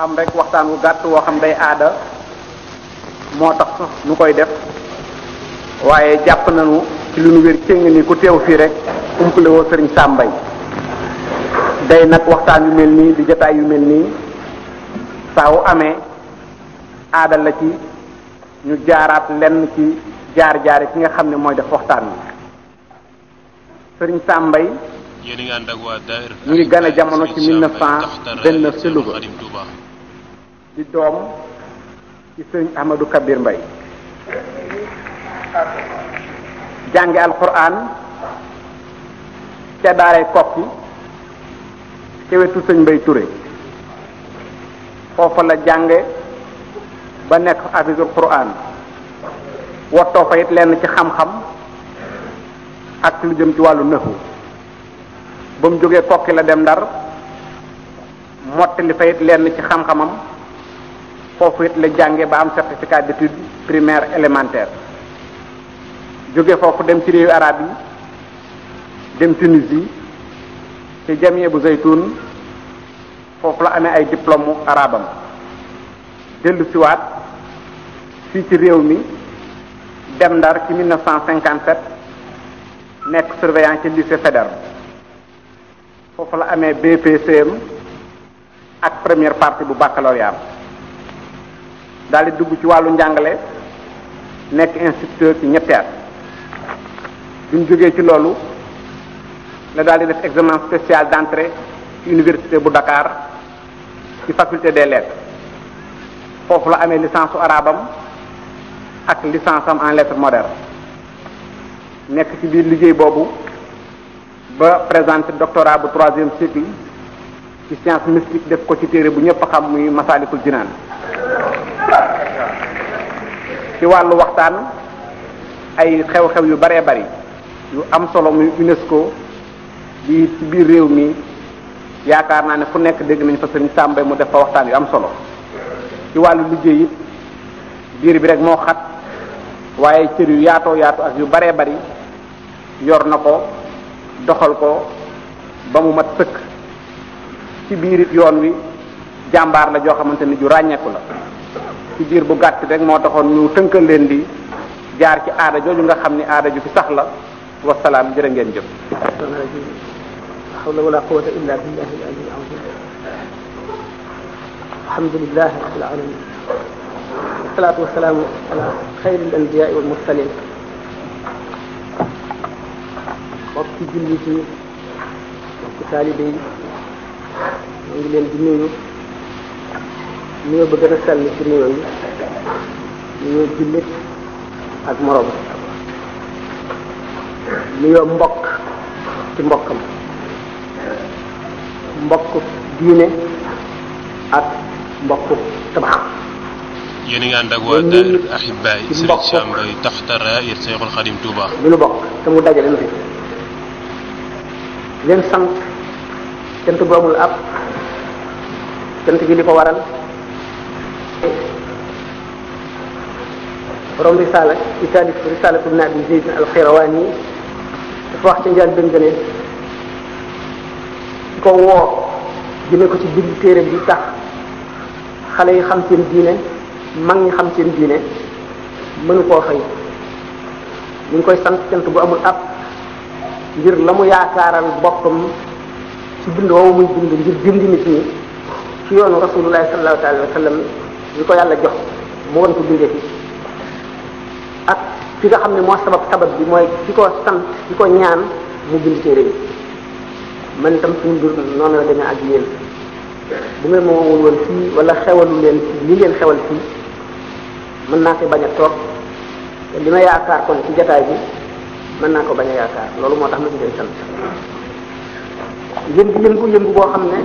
am rek waxtaan wu gàtt woo xam day aada moo tax nu koy def waaye jàpp nañu ci lu nu wér cëng ni ku teew fii rek umpale woo sëriñ sàmbay day nag waxtaan yu mel nii di jataay yu mel nii saa wu amee aada la ci ñu jaaraat lenn ci jaar-jaare ki nga xam ne mooy def waxtaan wi sëriñ sàmbay ñu ngi gane jamono ci 1929 ci Louga di doom ci sëñ Ahmadou Kabir Mbay jànge alquran ca daaray kokki ca wetu sëñ Mbay Ture foofa la jànge ba nekk afisul quran wottoo fa it lenn ci xam-xam ak lu jëm ci wàllu nëxu ba mu jógee kokki la dem ndar mottali fa it lenn ci xam-xamam foofu it la jànge ba am certificat d'études primaire élémentaire jóge foofu dem ci réewu arab yi dem Tunisie te jamie bu zaytun foofu la amee ay diplôme arabam dellu siwaat fii ci réew mi dem ndar ci 1957 nekk surveillant ci lycée Faidherbe foofu la amee BPCM ak première partie bu baccalauréat daal di dugg ci wàllu njàngale nekk instructeur ci ñetti at jógee ci loolu la daal di def examen spécial d'entrée ci université bu Dakar ci faculté des lettres foofu la amee licence su arabam ak licence am en lettres modernes nekk ci biir liggéey boobu ba présenter doctorat bu troisième cycle ci science mystique def ko ci téere bu ñëpp xam muy Masalikul Jinaan ci wàllu waxtaan ay xew-xew yu baree bari yu am solo muy UNESCO bi ci biir réew mi yaakaar naa ne fu nekk dégg nañ fa sëriñ Sàmba mu def fa waxtaan yu am solo ci wàllu liggéey it biir bi rek moo xat waaye cër yu yaatoo yaatu ak yu baree bari yor na ko doxal ko ba mu mat sëkk ci biir it yoon wi jàmbaar la joo xamante ni ju ràññeeku la ci diir bu gàtt rek moo taxoon ñu tënkal leen di jaar ci aada jooju nga xam ni aada ju fi sax la wasalaam jërë ngeen jëf hawla wala quwwata illa billahi al-aliyyil azim alhamdulillahi rabbil alamin wassalatu wassalamu ala khayril anbiya'i wal mursalin mbokki jullit yi mbokki taalibe yi ñu ngi leen di nuyu nuyoo ba gën a sell ci nuyoo yi nuyoo jullit ak moroom nuyoo mbokk ci mbokkam mbokk diine ak mbokk tabax yéen a ngi ànd ak waa daayira Ahibaay Sëriñ Sam taxta raayir Seexul Xadim Touba lu nu bokk te mu dajale nu fi leen sant cant bu amul ab cant gi li ko waral borom risaala ci taalif naa ibn abi zayd al-xirawaan yi dafa wax ca njaal benn gënee ko woo jëmee ko ci bind téere bi tax xale yi xam seen diine mag ñi xam seen diine mënu koo fay mu ngi koy sant sant bu amul ab ngir la mu yaakaaral boppam ci bind woowu muy bind ngir bind nit ñi ci yoonu rasulullahi sallallahu alayhi ko yàlla jox mu won ko bindee fi ki nga xam ne moo sabab sabab bi mooy ki ko sant ki ko ñaan mu bind téere man itam suñu mbir noonu la demee ak yéen bu ngeen ma woowul woon fii wala xewalu leen fii li ngeen xewal fii mën naa ko bañ a toog te li ma yaakaar kon ci jataay bi mën naa ko bañ a yaakaar loolu moo tax ma ci leen sant yëngu yëngu yëngu boo xam ne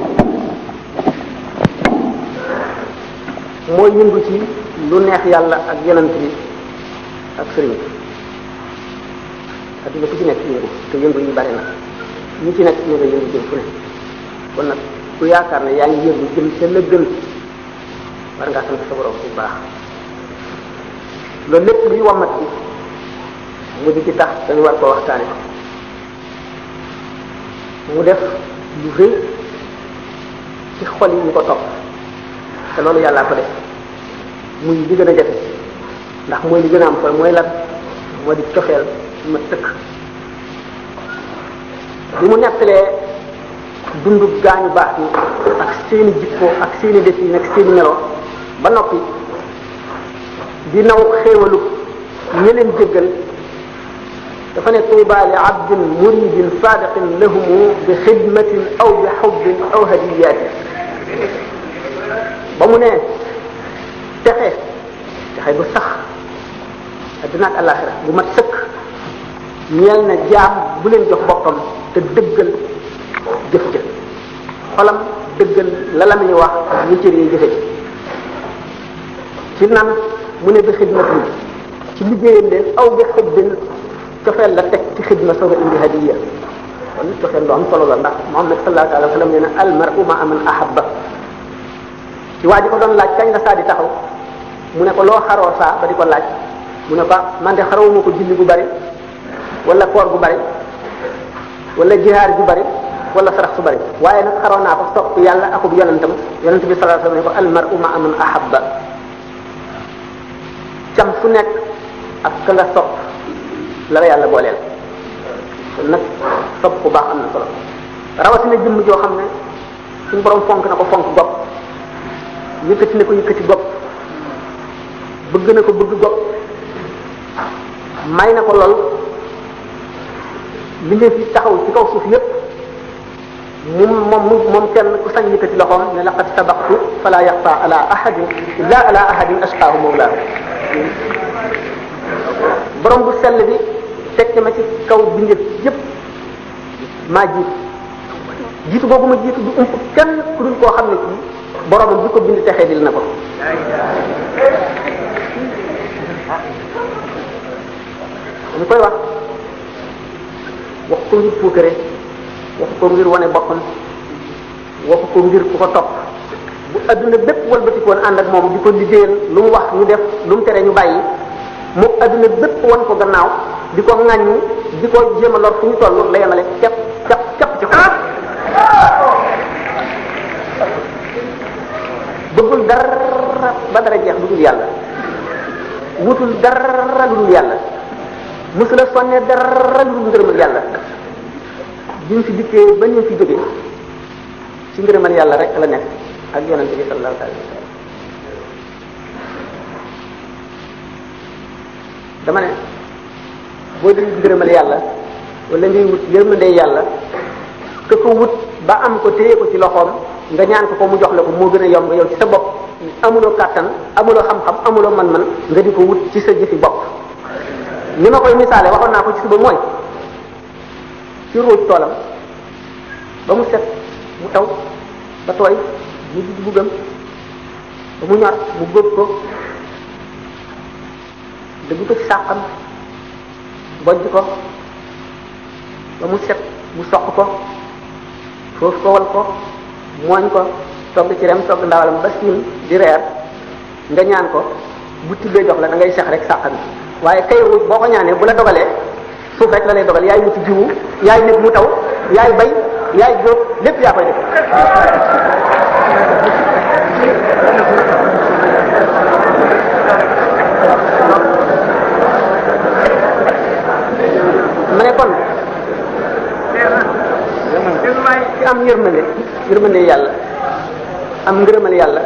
mooy yëngu ci lu neex yàlla ak yonent bi ak sëriñ adduna ku ci nekk yëngu te yëngu yi bari na ñi ci nekk ñu ngi yëngu jëm fu ne kon nag ku yaakaar ne yaa ngi yëngu jëm ca la gën war ngaa sant sa borom bu baax loolu lépp luy wamat bi mu di ci tax dañu war koo waxtaane mu def lu rëy ci xol yi ñu ko topp te loolu yàllaa ko def muy li gën a jafe ndax mooy li gën a am kon mooy lan moo di cofeel ma tëkk bi mu nettalee dundu gaañu baax ni ak seeni jikko ak seeni def yi ak seeni melo ba noppi di naw xéewalu ñi leen jéggal dafa ne tuuba li abdin muridin sadiqin lahumu bi xidmatin aw bi xubbin aw hadiyatin ba mu ne texe texe bu sax àddina ak àllaaxira bu mat sëkk ñeel na jaam bu leen jox boppam te dëggal jëf ja xolam dëggal la la muy wax ñi cër yi jëfe ci nan mu ne bi xidmatin ci liggéeyam leen aw bi xëddin cofeel la teg ci xidma soog a indi hadiya kon cofeel lu am solo la ndax Muhammad sallallahu alayhi wa sallam nee na al mar'u ma'a man ahabba ci waa ji ko doon laaj kañ la saa di taxaw mu ne ko loo xaroo saa ba di ko laaj mu ne ko man de xarawuma ko julli bu bari wala koor bu bari wala jihaar bu bari wala sarax su bari waaye nag xaraw naa ko sopp yàlla akub yonentam yonent bi sallallahu alayhi wasallam ne ko almar'u ma'a man ahabba fu nekk ak la la yàlla booleel kon nag sopp bu baax am na solo rawatina jëmm joo xam ne suñu borom fonk na ko fonk bopp yëkkati na ko yëkkati bopp bëgg na ko bëgg bopp may na ko lool li ngeen fi taxaw ci kaw suuf yépp mu moom moom kenn ku sañ yëkkati loxoom ne laqad sabaqtu fala yaxfa ala i illa ala ahadin ashqaahu mawlaa borom bu sell bi teg ma ci kaw bindeef yépp maa jiitu jiitu boobu ma jiitu du ump kenn ku dul koo xam ne kii boromam bi ko bind texee dil na ko ñu koy wax wax ko ngir fuukare wax ko ngir wane boppam wax ko ngir ku ko topp bu adduna bépp walbatikoon ànd ak moom di ko liggéey lu mu wax ñu def lu mu tere ñu bàyyi mu adduna bépp wan ko gannaaw di ko ŋàññi di ko jéem fu ñu toll la yemale cap cap cap ci xol bëggul dara ba dara jeex lu yàlla wutul dara lu dul yàlla mësu la sonne dara lu ngërëmal yàlla bi mu fi dikkee ba ñu fi jógee ci ngërëmal yàlla rek la nekk ak yonent bi sallallahu alayhi wa sallam dama ne boo dee wala ngay wut yàlla ka wut ba am ko téye ko ci nga ñaan ko ko mu jox la ko moo gën yomb yow sa bopp amuloo kàttan amuloo xam-xam amuloo man-man nga di ko wut ci sa jëfi bopp li ma koy misaale waxoon naa ko ci suba mooy ci ruuj toolam ba mu set mu taw ba tooy mu ji bugam ba mu ñor mu góob ko dëgg ko ci sàqam bojj ko ba mu set mu soq ko foofu ko ko mooñ ko togg ci rem togg ndawalam ba siin di reer nga ñaan ko bu tibbee jox la da ngay sex rek sàqam waaye kay ruuj boo ko ñaanee bu la dogalee suuf rek la lay dogal yaay wuti jiwu yaay nekk mu taw yaay bay yaay góob lépp yaa koy def ma ne kon ci am yërmande yërmande yàlla am ngërëmal yàlla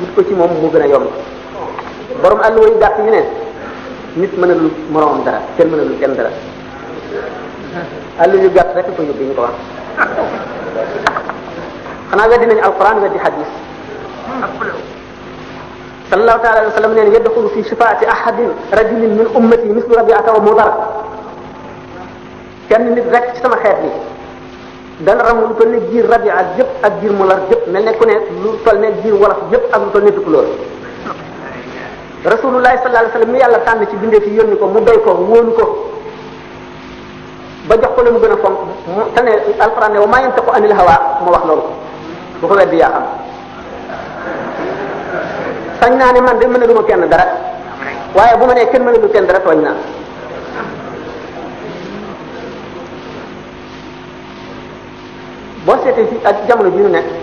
wut ko ci moom mu gën a yomb borom àll yu gàtt yi ne nit mënalul moroomam dara kenn mënalul kenn dara àll yu gàtt rek ko yóbbu ñu ko wax xanaa weddi nañu alquran weddi hadis sallallahu taala alayhi wa sallam neen yadxulu fi shifaati ahadin rajulin min ummati mislu rabiata wa mudar kenn nit rek ci sama xeet bi dana ram lu toll ne jiir rabia yëpp ak jiir mular yëpp mel ne ku ne lu toll ne jiir wolof yëpp ak lu toll ne tukulóor rasulullah sallallahu alayhi wasallam mi yàlla tànn ci bindee fi yónni ko mu doy ko wóolu ko ba jox ko la mu gën a fonk mu te ne alxuraan ne wa maa yantiqu anil hawa mu wax loolu bu ko weddi yaa xam sañ naa ne man de mën a duma kenn dara waaye bu ma nee kenn mën a du kenn dara tooñ naa boo seetee fi ak jamono ji ñu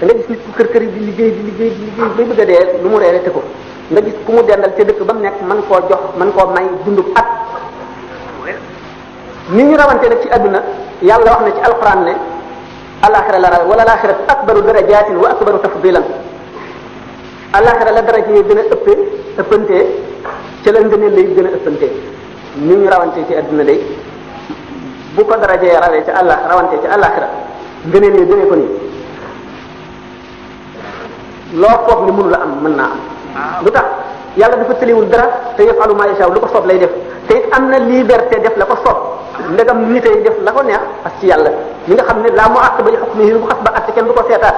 da nga gis nit ku kër kër yi liggéey bi liggéey bi liggéey bay bëgg dee lu mu reere te ko nga gis ku mu dendal ca dëkk ba mu nekk man koo jox man koo may dundub at ni ñu rawante nag ci àdduna yàlla wax na ci alquran ne alaxira la raw wala alaxiratu akbaru darajatin wa akbaru tafdilan alaxira la daraja yi gën a ëppe ëppantee ca la ngëneel lay gën a ëppantee ni ñu rawante ci àdduna day bu ko darajee rawee ci allah rawante ci alaxira ngëneel yi gënee ko nii loo foog ni mënu la am mën naa am lu tax yàlla dafa tëliwul dara te yafalu ma yasha lu ko soob lay def te it am na liberté def la ko soob ndegam nit yi def la ko neex ak ci yàlla ñi nga xam ne laa mu àtt ba ñu xas ba àtt kenn du ko seetaat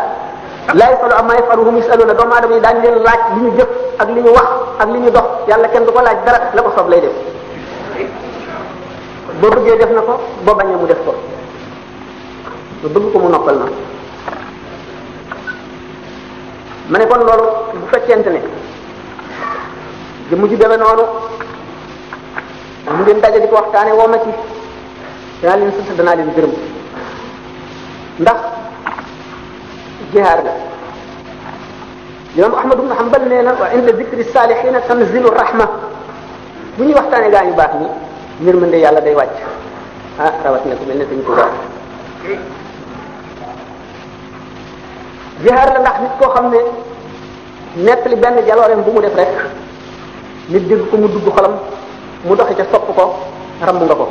laa yafalu amma yafaluhum yasaluuna doomu aadama yi daañu leen laaj li ñu jëf ak li ñu wax ak li ñu dox yàlla kenn du ko laaj dara la ko soob lay def boo bëggee def na ko boo bañee mu def ko lu bëgg ko mu noppal na ma ne kon loolu bu fekkente ne jëmm be demee noonu mu ngeen daje di ko waxtaane woo ma ci danaa leen sant danaa leen gërëm ndax jihaar la imam ahmad ibn hanbal nee na wa inda zikri salihina tanzilu rahma bu ñuy waxtaane gaa ñu baax ni yërmande yàlla dey wàcc ah rawat na ku mel ne dañ jihaar la ndax nit koo xam ne nettali benn jalooreem bu mu def rek nit dégg ko mu dugg xolam mu doxe ca sopp ko ramb nga ko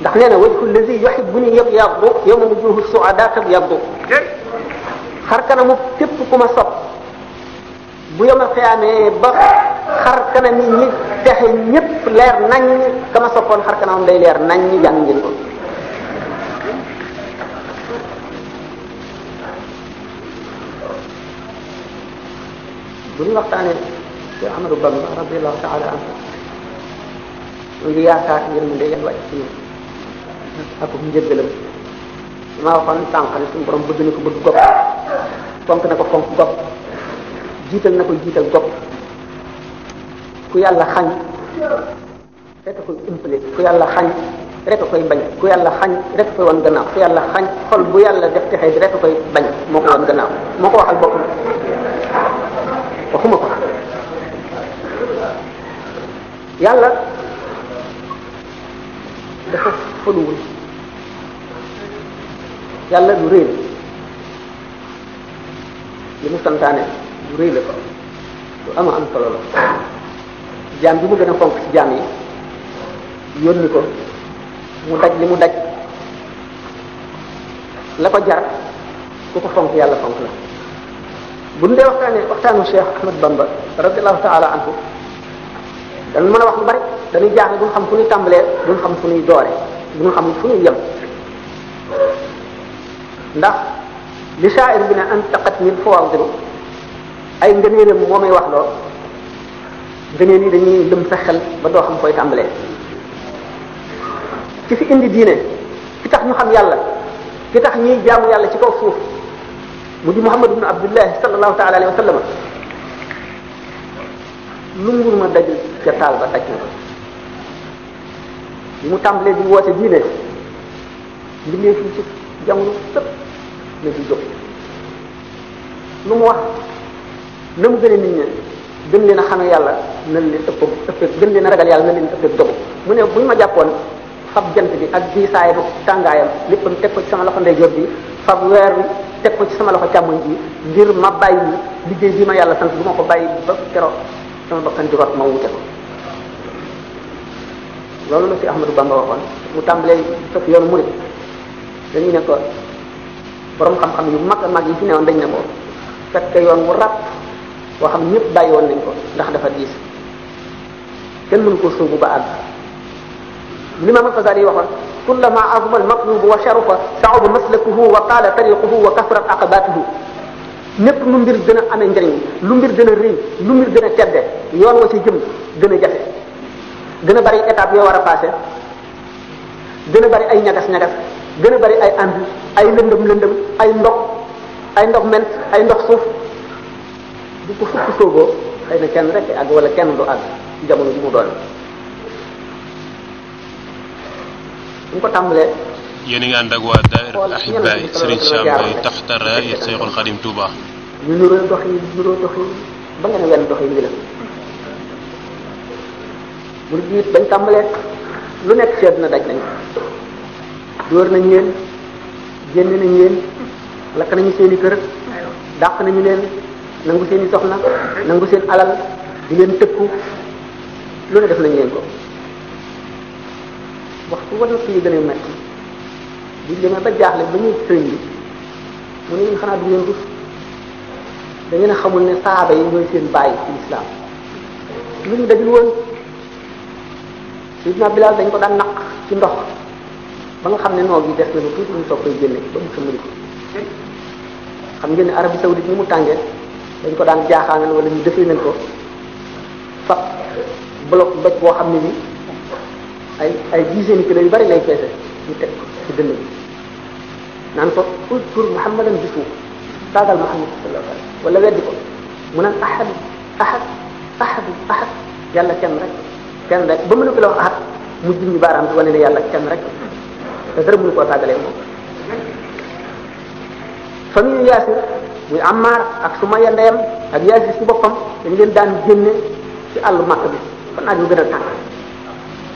ndax nee na wajhu lazi yuhibbuni yëpp yàggu yow ma wujuhu suada qad yàggu xar kanamu képp ku ma sopp bu yomal xiyaamee ba xar kanam yi ñi texe ñépp leer nañ ka ma soppoon xar kanamam day leer nañ jàng ngeen ko bu ñu waxtaanee Cheikh Ahmadou Bamba radiyallahu taala anhu ñu ngi yaakaar yërmande yàlla wàcc ci ñun ak njëggalam damaa waxoon sànq ne suñu borom bëgg na ko bëgg gopp fonk na ko fonk gopp na ko jiital gopp ku yàlla xañ rek a koy impale ku yàlla xañ rek a koy bañ ku yàlla xañ rek a koy wan ku yàlla xañ xol bu yàlla def texee rek a koy bañ moo ko wan waxuma ko yàlla dafa fëluwul yàlla lu rëy la li mu santaane lu rëy la ama am solo jaam bi mu gën a fonk jaam yi yónni ko mu daj li mu daj la ko jar ku ko fonk yàlla fonk la bu ñu dee waxtaanee waxtaanu Cheikh Ahmad Bamba radiyallahu taala anhu dañu mën a wax lu bari dañuy jaaxle duñu xam fu ñuy tàmbalee duñu xam ñuy doore duñu xam fu ñuy ndax li shaa'ir bi ne an taqat min fawaadilu ay ngëneelam moo may wax loo ngëneel yi dañuy lëm sa xel ba doo xam koy tàmbalee ci fi indi diine ki tax xam yàlla ki tax ñuy jaamu yàlla ci kaw mu di Muhammad ibn Abdullahi sallallahu taala alayhi wa sallam lu mbur ma dajul ca taal ba daj na ko bi mu tàmbalee di woote diine mbindee fii ci jamono sëpp la di jóg lu mu wax na mu gën a nit ñi gën leen a xame yàlla na leen ëpp ëpp gën leen a ragal yàlla na leen ëpp dogu mu ne bu ma jàppoon fab jant bi ak diisaay bu tàngaayam léppam teg ko ci sama loxo ndeyjoor bi fab weer teg ko ci sama loxo càmmoñ bi ngir ma bàyyi liggéey bi ma yàlla sant du ko bàyyi ba keroog sama bakkan di rot ma wute ko loolu la si Ahmadou Bamba waxoon mu tàmbalee fekk yoonu murid dañuy ne ko borom xam-xam yu mag a mag yi fi newoon dañ ne ko fekk yoon wu ràpp boo xam ñëpp bàyyi woon nañ ko ndax dafa diis kenn mënu ko sóobu ba àgg li ma ma Xasaali yi waxoon كلما عظم المطلوب وشرف صعب مسلكه وطال طريقه وكثرت عقباته ñépp lu mbir gën a amee njëriñ lu mbir gën a rëy lu mbir gën a tedde yoon wa ci jëm gën a jafe gën a bari étape yoo war a passé gën a bari ay ñagas-ñagas gën a bari ay ànd ay lëndëm lëndëm ay ndox ay ndox ment ay ndox suuf bu ko fukk sooboo xëy na kenn rek ak wala kenn du àgg jamono ji mu doon ñu ko tàmbalee. yéen a ngi ànd ak waa Daahira Ahibaay Serigne Sam Mbaye taxta raaya Seexul Xadim Touba. ñu nuroo dox yi nuroo dox yi ba nga ne wenn dox yi ngi la. bu lu nekk seet na daj nañ dóor nañ leen génn nañ leen lakk nañu seeni i kër dàq nañu leen nangu seen i soxna nangu seen alal di leen tëkku lu ne def nañ leen ko. waxtu wala suñu gën a metti bu ñu demee ba jaaxle ba ñuy sëriñ bi mu ne ñun xanaa du ngeen a xamul ne saaba yi ñooy seen bàyyi ci lislaam lu ñu dajul woon sidna Bilaal dañ ko daan naq ci ndox ba nga xam ne noog yi des na tuuti ñu soog koy génne ba mu sëmmali ko xam ngeen ne Arabie ni mu tàngee dañ ko daan jaaxaanal wala ñu defee nañ ko fab bloc doj boo xam ne nii ay ay dizaine kilo yu bari lay peese ñu teg ko ci dënn bi naan ko udkur muhammadan bisu taagal muhammad sallallahu alayhi wasallam wala mu naan ahad ahad kenn rek kenn ba mu ne ko la wax ahad mu jëm ñu baaraam bi wane ne yàlla kenn rek te dara mënu koo tàggalee moom. famille yaasir muy Ammar ak Sumaya ndeyam ak yaasir ci boppam dañ leen daan génne ci àllu Makka bi kon naaj yu gën a tàng.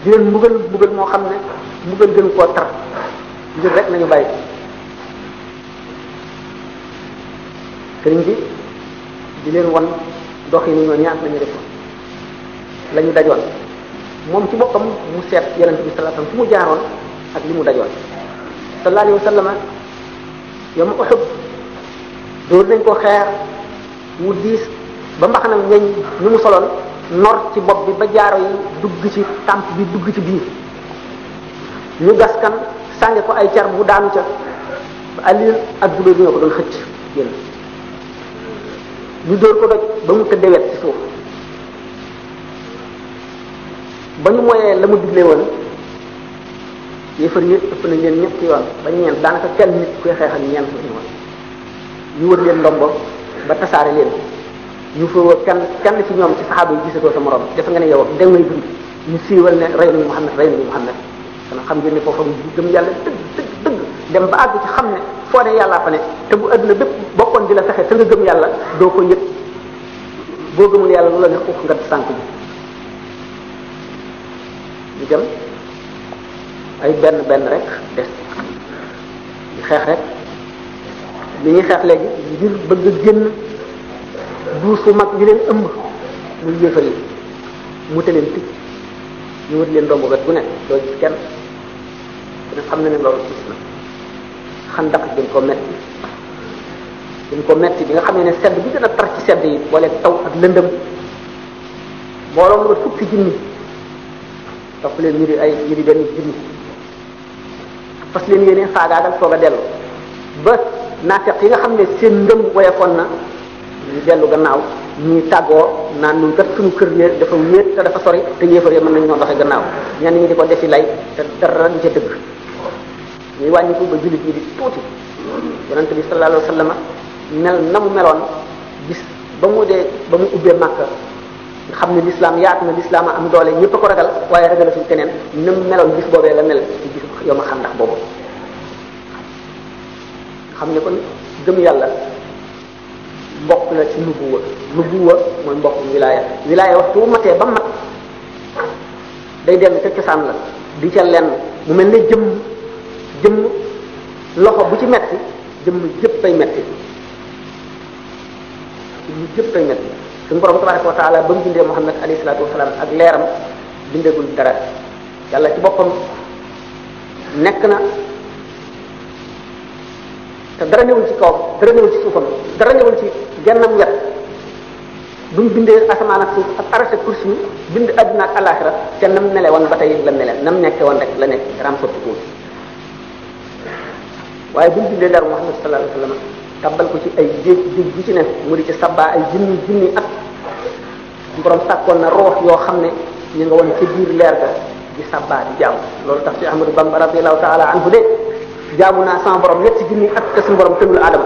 di leen mbugal mbugal moo xam ne mbugal gën koo tar ngir rek nañu bàyyi sëriñ bi di leen won dox yi ni ñoo ñaat nañu def la ñu dajoon moom ci boppam mu seet yonent bi sallallahu alayhi mu jaaroon ak li mu dajoon sallallahu alayhi wasallam yow ma Uhud dóor nañ ko xeer mu diis ba mbaxanam ñeñ ñu mu soloon nor ci bopp bi ba jaaro yi dugg ci tàmp bi dugg ci biir ñu gas kan sànge ko ay car bu daanu ca ba ak Zubayr ñoo ko doon xëcc génn ñu dóor ko doj ba mu tëddee wet ci suuf ba ñu moyee la mu digle woon yéefar yi ëpp nañ leen ñetti yoon ba ñeent daanaka kenn nit kuy xeexal ñeent la ñu woon ñu wër leen ndombo ba tasaare leen yu foowa kenn kenn ci ñoom ci saxaaba yi gisatoo sa morom defe nga ne yow da ngay dund ñu siiwal ne rey nañu Muhammad rey nañu Muhammad kon xam ngeen ne foofu gëm yàlla dëgg dëgg dëgg dem ba àgg ci xam ne foo ne yàllaa fa ne te bu adduna bépp bokkoon di la fexe te nga gëm yàlla doo ko boo gëmul yàlla lu la ne xuuf nga sànq bi ñu dem ay benn benn rek des xeex rek li ñuy xeex léegi ngir bëgg génn duus bu mag ñu leen ëmb muy yéefar yi mu te leen tëj ñu wut leen romb wet gu nekk doo gis kenn ku xam na ne loolu gis na xandax dañ ko metti dañ ko metti bi nga xam ne ne sedd bi gën tar ci sedd yi boole taw ak lëndëm mbooloo mu mat fukki junni topp leen ñu di ay ñu di benn junni fas leen yéene faagaagal soog a dellu ba naafeq yi nga xam ne seen ngëm woyofoon na ñu dellu gannaaw ñuy tàggoo naan ñun kat suñu kër yee dafa wéet te dafa sori te yéefar yi mën nañ ñoo doxe gannaaw ñenn ñi di ko defi lay te dara du ca dëgg ñuy wàññi ko ba jullit yi di tuuti yonente bi sallallahu alayhi wa sallam mel na mu meloon gis ba mu dee ba mu ubbee màkka nga xam ne lislaam yaat na lislaam a am doole ñëpp ko ragal waaye ragalatuñ keneen na mu meloon gis boobee la mel ci gis yow ma xam ndax boobu xam ne kon gëm yàlla bokk na ci nubuwa nubuwa mooy mbokkum wilaaya wilaaya waxtu bu matee ba mat day dellu ca cosaan la di ca lenn mu mel ne jëmm jëmm loxo bu ci metti jëmm jëppay metti jëmm jëppay metti suñu borom tabaraka wa taala ba mu bindee Muhammad alayhi salaatu wasalaam ak leeram bindegul dara yàlla ci boppam nekk na te dara ñëwul ci kawam dara ñëwul ci suufam dara ñëwul ci gennam wet bu mu bindee asamaan ak suuf ak arrêté kursi yi bind adduna ak alaxira te nam nele woon ba tey la nele nam nekke woon rek la nekk ram sotti ko waaye bu mu bindee dara Muhammad sallallahu alayhi wa sallam tabbal ko ci ay géej géej bu ci ne mu di ci sabbaa ay junni junni ak borom sàkkoon na roox yoo xam ne ñu nga woon ci biir leer ga di sabbaa di jàmm loolu tax ci Ahmadu Bamba radiyallahu taala anhu de jaamu naa sama borom ñett ci junni at te suñu borom tënul Adama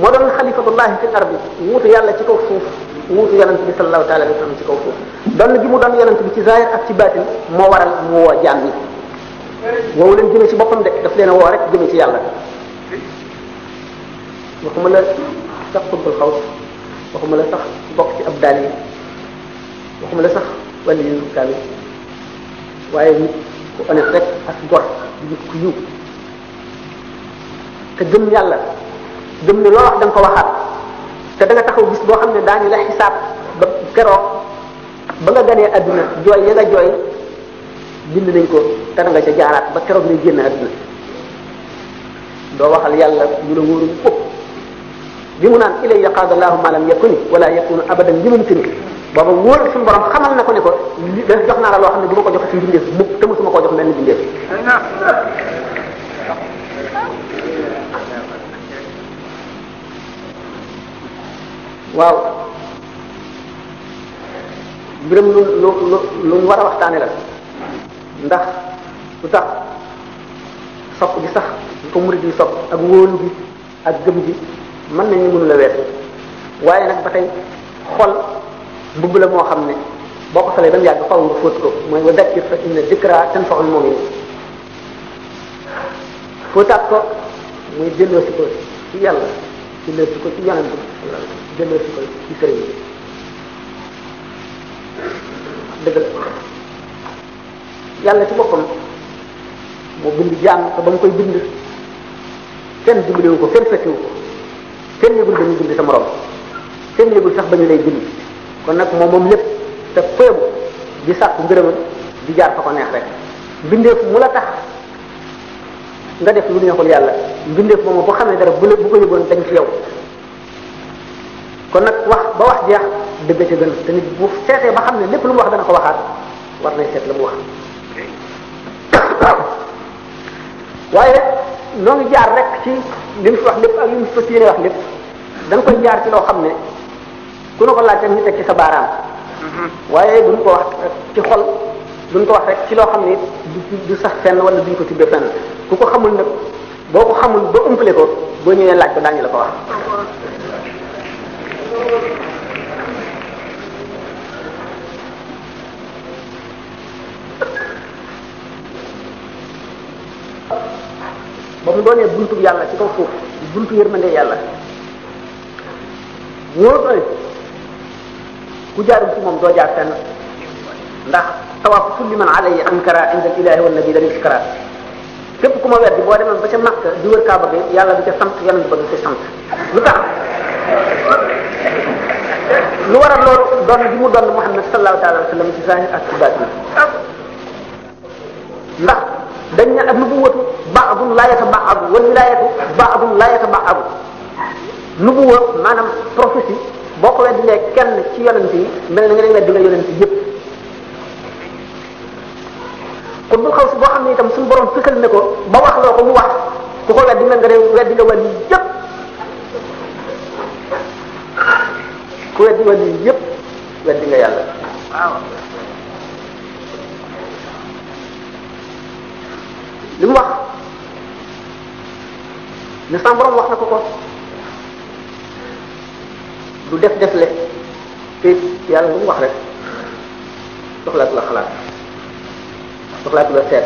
moo doon xalifatullahi fil ardi wuutu yàlla ci kaw suuf wuutu yonent bi sallallahu taala alayhi wa sallam ci kaw suuf doon gi mu doon yonent bi ci zahir ak ci baatin moo waral mu woo jaam yi woowu leen jëme ci boppam de daf leen a woo rek jëme ci yàlla waxuma la sax xutbul xaw waxuma la sax bokk ci ab daal yi waxuma la sax wàllu yu kaamil waaye nit ku honnête rek ak gor nit ku yiw te gëm yàlla gëm ne loo wax da ko waxaat te da nga taxaw bis boo xam ne daañu la xisaab ba keroog ba nga ganee adduna jooy ya nga jooy bind nañ ko te da nga ca jaaraat ba keroog ngay génn adduna doo waxal yàlla ñu la wóorul foofu bi mu naan ilay yaqaadallahu ma lam yakuni wala yakunu abadan limumkini booba wóor suñu borom xamal na ko ne ko li jox naa la loo xam ne bu ma ko joxee ci mbindeef mukk te mosuma koo jox benn mbindeef waaw mbiram lu lu lu luñ war a waxtaane la ndax lu tax sopp gi sax lu ko murid yi sopp ak wóolu gi ak gëm gi mën nañu mënu la wees waaye nag ba tey xol mbubb la moo xam ne boo ko solee ba mu yàgg faw nga fóot ko mooy wa dakkir fa inna dikra tanfa'ul mu'minin fóotaat ko muy delloo si ko ci yàlla delloo si ko ci yonent bi delloo si ko ci sëriñ bi dëgg la yàlla ci boppam moo bind jaam te ba mu koy bind kenn dimbaliwu ko kenn fekkiwu ko kenn yëgul dañuy bind sa morom kenn yëgul sax ba ñu lay bind kon nag moom moom lépp te féebu di sàkku ngërëmam di jaar fa ko neex rek mbindeef mu la tax nga def lu neexul yàlla mbindeef moom bu xamee dara bu la bu ko yëgoon dañ ci yow kon nag wax ba wax jeex dëgg ca gën te nit bu seetee ba xam ne lépp lu mu wax dana ko waxaat war la mu wax waaye noo ngi jaar rek ci li wax lépp ak mu fas yéene wax lépp da ko koy jaar ci loo xam ne ku nu ko laaj rek ñu teg ci sa baaraam mm-hmm. waaye duñ ko wax ci xol duñ ko wax rek ci loo xam ne du sax fenn wala duñ ko ci fenn ku ko xamul nag boo ko boo ñëwee laaj ko daañu la ko wax ba mu doonee buntu yàlla ci kaw suuf buntu yërmande yàlla wóor na ku jaarul ci moom doo jaar fenn ndax tawaafu kulli man alayhi ankara inda ilahi wa nabi dañu iskaraat képp ku ma weddi boo demoon ba ca Makka di wër Kaaba bi yàlla du ca sant yonent ba du ca sant lu tax lu waral loolu doon bi mu doon Muhammad sallallahu alayhi wa sallam ci zahir ak ci baatin ndax dañ ne ak nubuwatu ba'dun la yataba'adu wal wilayatu ba'dun la yataba'adu nubuwa maanaam prophétie boo ko weddilee kenn ci yonent yi mel na nga ne weddi nga yonent yëpp xutbul xaw si boo xam ne itam suñu borom fësal ko ba wax loo ko mu wax ku ko nga ne weddi nga wàll yëpp ku weddi wàll yëpp weddi nga yàlla wax ko ko du def def le te yàlla lu wax rek soxlaatu la xalaat soxlaatu la seet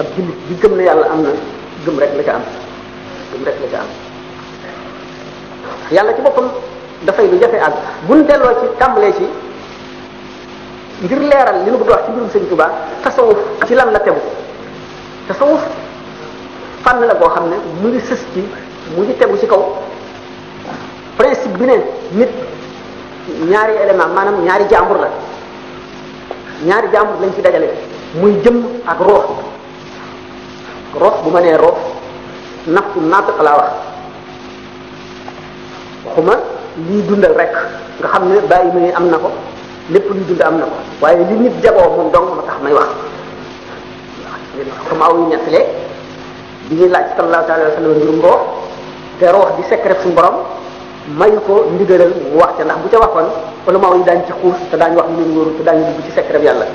ab jullit bi gëm na yàlla am na gëm rek la ca am gëm rek la ca am yàlla ci boppam dafay lu jafe àgg buñ delloo ci tàmbalee ci ngir leeral yi nu bëgg wax ci mbirum sëñ Tuubaa tasawuf ci lan la tegu tasawuf fànn la boo xam ne mu ngi sës ci mu ngi tegu ci kaw principe bi ne nit ñaari élément maanaam ñaari jàmbur la ñaari jàmbur lañ fi dajale muy jëm ak roox roox bu ma nee roox naftu naatiq laa wax waxuma lii dundal rek nga xam ne bàyyi ma ne am na ko lépp luy dund am na ko waaye li nit jagoo moom dong ma tax may wax xam aw yu nettalee bi ñuy laaj sallallahu alayhi wa sallam njurum roox di secret suñu borom mayu ko ndigalal mu wax ca ndax bu ca waxoon ulama yi daañu ci xuus te daañu wax lu leen wóorul te daañu dugg ci secret yàlla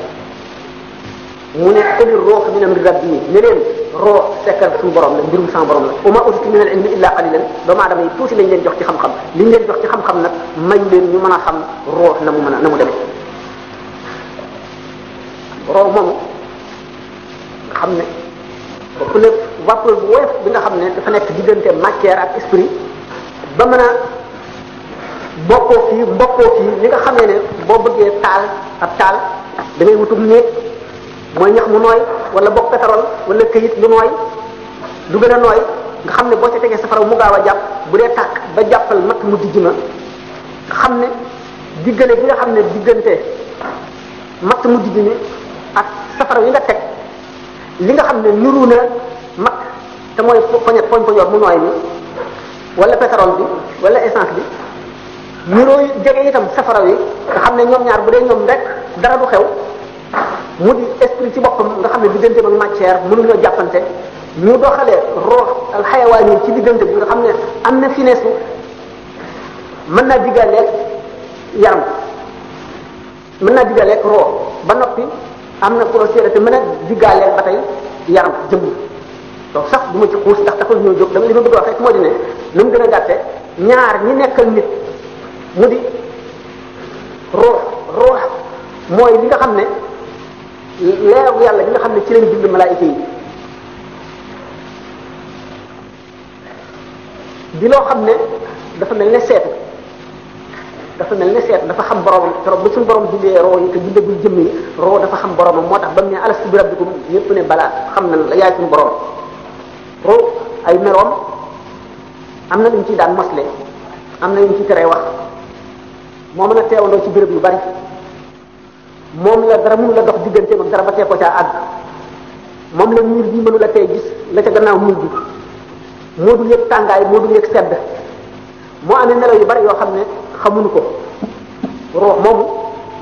mu ne quli ruux min amri rabbi yi ne leen ruux secret suñu borom la mbirum borom la wa ma utitu min al ilmi illa qalilan doomu aadama yi tuuti lañ leen jox ci xam-xam liñ leen jox ci xam-xam nag mayu leen ñu mën a xam ruux na mu mën a na mu demee ruux moomu nga xam ne bopp lépp bu bi nga xam ne dafa nekk diggante matière ak bokkoo fii bokkoo fii li nga xamee ne boo bëggee taal ab taal da ngay wutum néeg mooy ñax mu nooy wala bokk pétrole wala këyit lu nooy lu gën a nooy nga xam ne boo ca tegee safara mu gaaw a jàpp bu dee tàkk ba jàppal matt mu dijj ma nga xam ne diggale bi nga xam ne diggante matt mu dijj mi ak safara yi nga teg li nga xam ne nuru na matt te mooy poñet poñ poñoor mu nooy mi wala pétrole bi wala essence bi niroo jege itam safara wi nga xam ne ñoom ñaar bu dee ñoom rek dara du xew mu di esprit ci boppam nga xam ne diggante ba matière mënuñoo jàppante ñu doxalee roox al ci diggante bi nga xam ne am na finesse mën naa diggalee yaram mën naa diggalee roo ba noppi am na proximité mën a diggalee ba tey yaram jëm donc sax du ma ci xuus ndax taxul ñoo jóg dama li ma bëgg a wax rek moo di ne lu mu gën a gàtte ñaar ñi nekkal nit. mu di ruux ruux mooy li nga xam ne leeru yàlla li nga xam ne ci lañ bind malaayika yi bi loo xam ne dafa mel ne seetu dafa mel ne seetu dafa xam boromam trop ba suñu borom bindee roo yi te bindagul jëmm yi moo tax ba mu ne alastu bi rabbikum ñëpp ne balaa xam na la yaay suñu borom roo ay meroom am na lu ñu ci daan masle am na lu ñu ci teree wax moo mën a teewandoo ci béréb yu bari moom la dara mënu la dox digganteem ak dara ba tee ko àgg moom la niir bi mënu la tey gis la ca gannaaw niir bi moo dul yëg tàngaay moo dul yëg sedd moo amee nelaw yu bari yoo xam ne xamuñu ko ruux moomu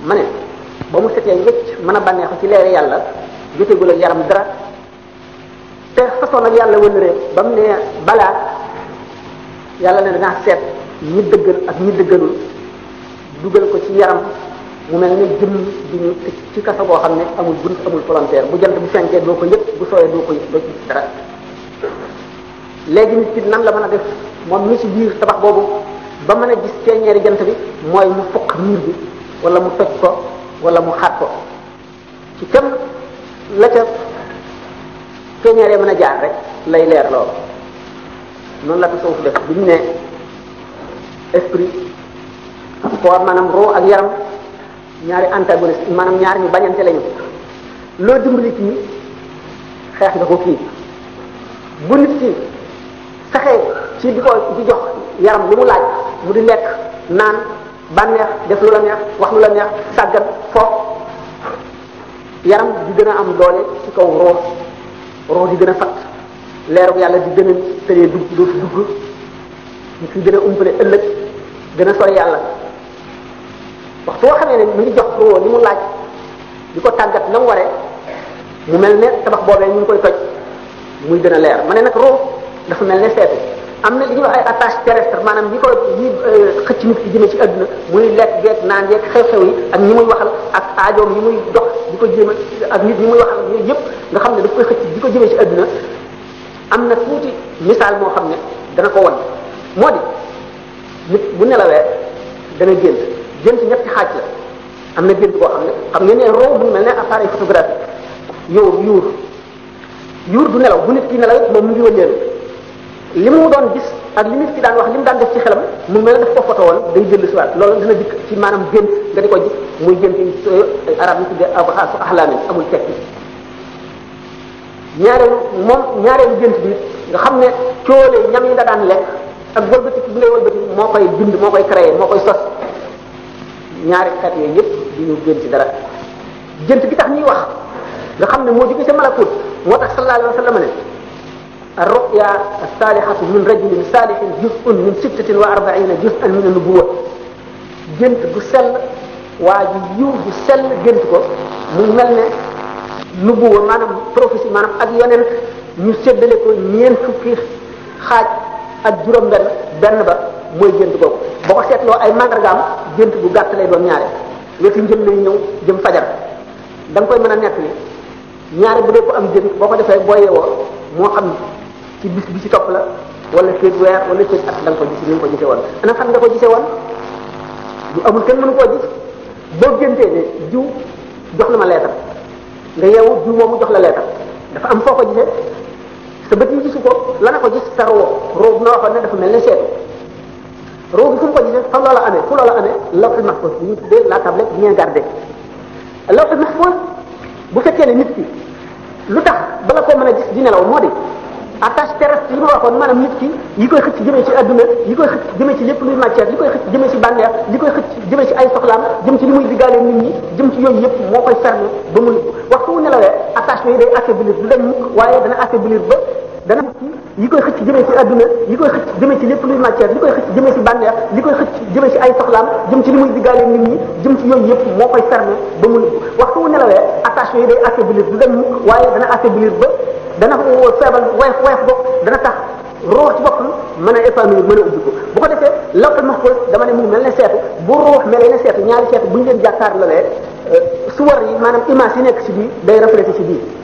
ma ne ba mu setee wécc mën a bànneexu ci leere yàlla jotegul ak yaram dara te façon ak yàlla wëlëree ba mu ne balaa yàlla ne danaa seet ñi dëggal ak ñi dëggalul dugal ko ci yaram mu mel ni jëmm bi ñu ci kasa boo xam ne amul bunt amul volontaire bu jant bu fenkee doo ko yëpp bu sooyee doo ko yëpp doo ci dara léegi nit ki nan la mën a def moom mi ci biir tabax boobu ba mën a gis ceeñeeri jant bi mooy mu fokk miir bi wala mu toj ko wala mu xaat ko ci kam la ca ceeñeeree mën a jaar rek lay leer loolu noonu la ko soofu def bi ñu ne esprit poids maanaam roo ak yaram ñaari antagoniste maanaam ñaar ñu bañante lañu loo dimbali kii xeex nga ko kii bu nit ki saxee ci di ko di jox yaram lu mu laaj bu di lekk naan bànneex def lu la neex wax lu la neex sàggat foofu yaram di gën a am doole ci kaw roo roo di gën a fat leeru yàlla di gën a tëree dugg dootu dugg ñu fi gën a umpale ëllëg gën a sori yàlla wax boo xamee ne mu ngi jox ruwo li mu laaj li ko tàggat na mu waree mu mel ne tabax boobee ñu ngi koy toj muy gën a leer ma ne nag ruwo dafa mel ne seetu am na li ñuy wax ay attache terrestre maanaam yi ko yi euh, xëcc nit ki jëmee ci àdduna muy lekk geeg naan yeeg xew-xew yi ak ñi muy waxal ak aajoom yi muy dox di ko jéem ak nit ñi muy waxal yooyu yëpp nga xam ne daf koy xëcc di ko jëmee ci àdduna am na tuuti misaal moo xam ne dana ko won moo di nit bu nelawee dana génn gént ñetti xaaj la am na gént boo xam ne xam ngeen ne mu mel ne appareil photographique yow yuur yuur du nelaw bu nit ki nelaw moom mu ngi wëndeelu li mu doon gis ak li nit ki daan wax li mu daan def ci xelam mu mel ne daf woon day dellu si waat dina dikk ci maanaam gént nga di ko gis muy gént yi arab yi tuddee abxaasu axlaamin amul tekki ñaareelu moom ñaareelu gént bi nga xam ne coole ñam yi la daan lekk ak wëlbati bi ngay wëlbati moo koy bind moo koy créé moo koy sos ñaari kat yooyu yëpp di ñu gën dara jënt gi tax ñuy wax nga xam ne moo jóge ca malakut moo tax sallallahu alayhi wa sallam ne ar-ru'ya as-salihatu min rajulin salihin juz'un min sittatin wa arba'ina juz'an min an-nubuwwa jënt gu sell waa ji yiw bu sell jënt ko mu mel ne nubuwwa maanaam prophétie maanaam ak yonent ñu séddale ko ñeent fukki xaaj ak juróom benn benn ba mooy gént boobu boo ko seetloo ay mandargaam gént bu gàtt lay doon ñaare wetu njël lay ñëw jëm fajar da koy mën a nekk ni ñaare bu dee ko am gént boo ko defee boo yeewoo moo am ci bis bi ci topp la wala féet weer wala féet at da nga ko gis ni nga ko gisee woon ana ko gisee woon lu amul kenn mënu koo gis boo géntee ne jiw jox na ma leetar nga yeewu jiw mu jox la leetar dafa am foo ko gisee sa bët yi gisu ko la na ko gis sa roo roo bu na ne dafa mel ne roogi fu mu ko gisee fan loola amee fu loola amee lawhul mahfuz li ñu tuddee la tablette bien gardée lawhul mahfuz bu fekkee ne nit ki lu tax bala koo mën a gis di nelaw moo di attache terrestre yi ma waxoon maanaam nit ki yi koy xëcc jëmee ci adduna yi koy xëcc jëmee ci lépp luy matière yi koy xëcc jëmee ci bànneex yi koy xëcc jëmee ci ay soxlaam jëm ci li muy diggaale nit ñi jëm ci yooyu yëpp moo koy ferme ba mu waxtu mu nelawee attache yooyu day affaiblir du dem mukk waaye dana affaiblir ba dana ci yi koy xëcc jëmee ci adduna yi koy xëcc jëmee ci lépp luy matière li koy xëcc jëmee ci bànneex li koy xëcc ci ay soxlaam jëm ci li muy diggaale nit ñi jëm ci yooyu yëpp moo koy fermé ba mu waxtu wu nelawee attention yi day affaiblir du dem waaye dana affaiblir ba dana feebal woyof woyof bopp dana tax ruux ci boppam mën a épanouir mën a ubbi ko bu ko defee lawxul dama ne mu mel ne seetu bu ruux melee ne seetu ñaari seetu bu ñu leen jàkkaarloo euh, su war yi maanaam image yi nekk ci biir day reflété ci biir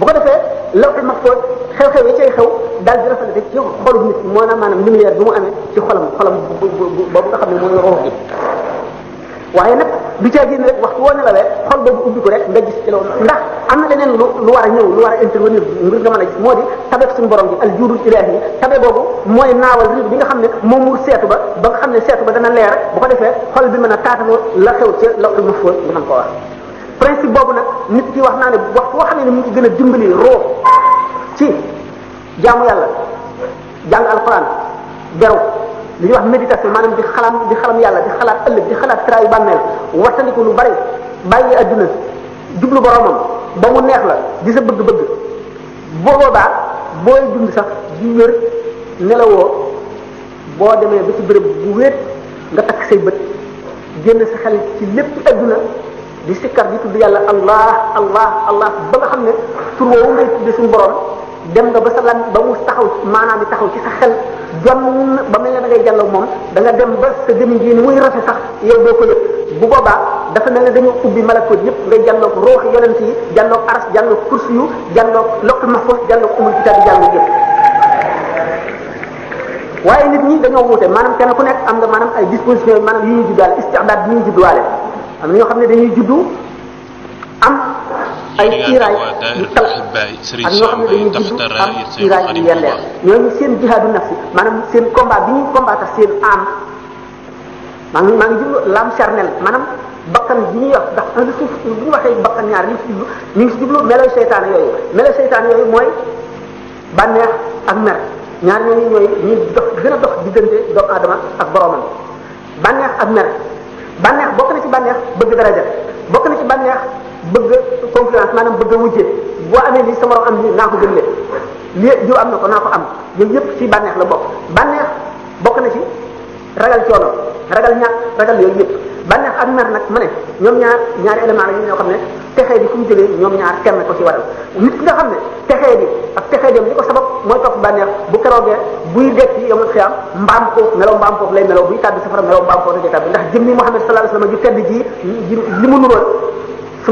bu ko defee lawxul mahfuz xew-xew yi cay xew daal di rafetlu ci xolu nit ki moo na maanaam lumière bi mu amee ci xolam xolam boobu nga xam ne mooy rox gi waaye nag du caa génn rek waxtu woo nelawee xol boobu ubbi ko rek nga gis ci loolu ndax am na leneen lu war a ñëw lu war a intervenir nga mën a gis moo di tabeek suñu borom bi al jurul ilahi yi tabe boobu mooy naawal riir bi nga xam ne moom muur seetu ba ba nga xam ne seetu ba dana leer bu ko defee xol bi mën a taataloo la xew ci lawxul mahfuz nga mën koo wax principe boobu nag nit ki wax naa ne wax boo xam ne mu ngi gën a dimbali roo ci jaamu yàlla jàng alquran beru li wax méditation maanaam di xalam di xalam yàlla di xalaat ëllëg di xalaat traayu bàmmeel wattandiku lu bari bàyyi adduna jublu boromam ba mu neex la di sa bëgg-bëgg boobaa booy dund sax di wér nelawoo boo demee ba ci béréb bu wéet nga takk say bët génn sa xel ci lépp adduna di sikkar di tudd yàlla allah allah allah ba nga xam ne tur woowu ngay tudd suñu borom dem nga ba sa lan ba mu taxaw maanaam di taxaw ci sa xel jonn ba mel ne da ngay moom da nga dem ba sa jëmiñ ji ni muy rafet sax yow doo ko yëg bu boobaa dafa mel ne dañoo ubbi malakoot yëpp ngay jàlloog roox yonent yi jàlloog aras jàlloog kursi yu jàlloog lokki mahfuz jàlloog umul kitaab yi jàlloog yëpp waaye nit ñi dañoo wuute maanaam kenn ku nekk am nga maanaam ay disposition maanaam yu ñu juddaale istidaad bi ñu juddaale am na ñoo xam ne dañuy juddu am ay kiiraay yu taw ak ñoo xam ne dañuy juddu am kiiraay yu yelleer ñooñu seen jihaadu nafsi maanaam seen combat bi ñuy combattre seen am maa ngi maa ngi jublu l'âme charnelle maanaam bakkan bi ñuy wax ndax un suuf bu ñu waxee bakkan ñaar li ñu si jublu ñu seytaan yooyu meloy seytaan yooyu mooy bànneex ak mer ñaar ñooñu ñooy ñuy dox gën a ak boromam bànneex mer. bànneex bokk na ci bànneex bëgg daraja bokk na ci bànneex bëgg concurrence maanaam bëgg a wujje boo amee lii sama morom am lii naa ko gën leen lii am na ko naa ko am yooyu yëpp ci bànneex la bokk bànneex bokk na ci ragal coono ragal ñàkk ragal yooyu yëpp bànneex ak mer nag ma ne ñoom ñaar ñaari élément la ñu ñoo xam ne texee bi fu mu jógee ñoom ñaar kenn ko ci waral nit ki nga xam ne texee bi ak texee dem li ko sabab mooy topp bànneex bu keroogee buy dekk yi yomul xiyaam mbaam foofu meloo mbaam foofu lay meloo buy tàbbi safara meloo mbaam foofu lay tàbbi ndax jëmmi Muhammad sallallahu alayhi wasallam ju tedd ji li mu nuroon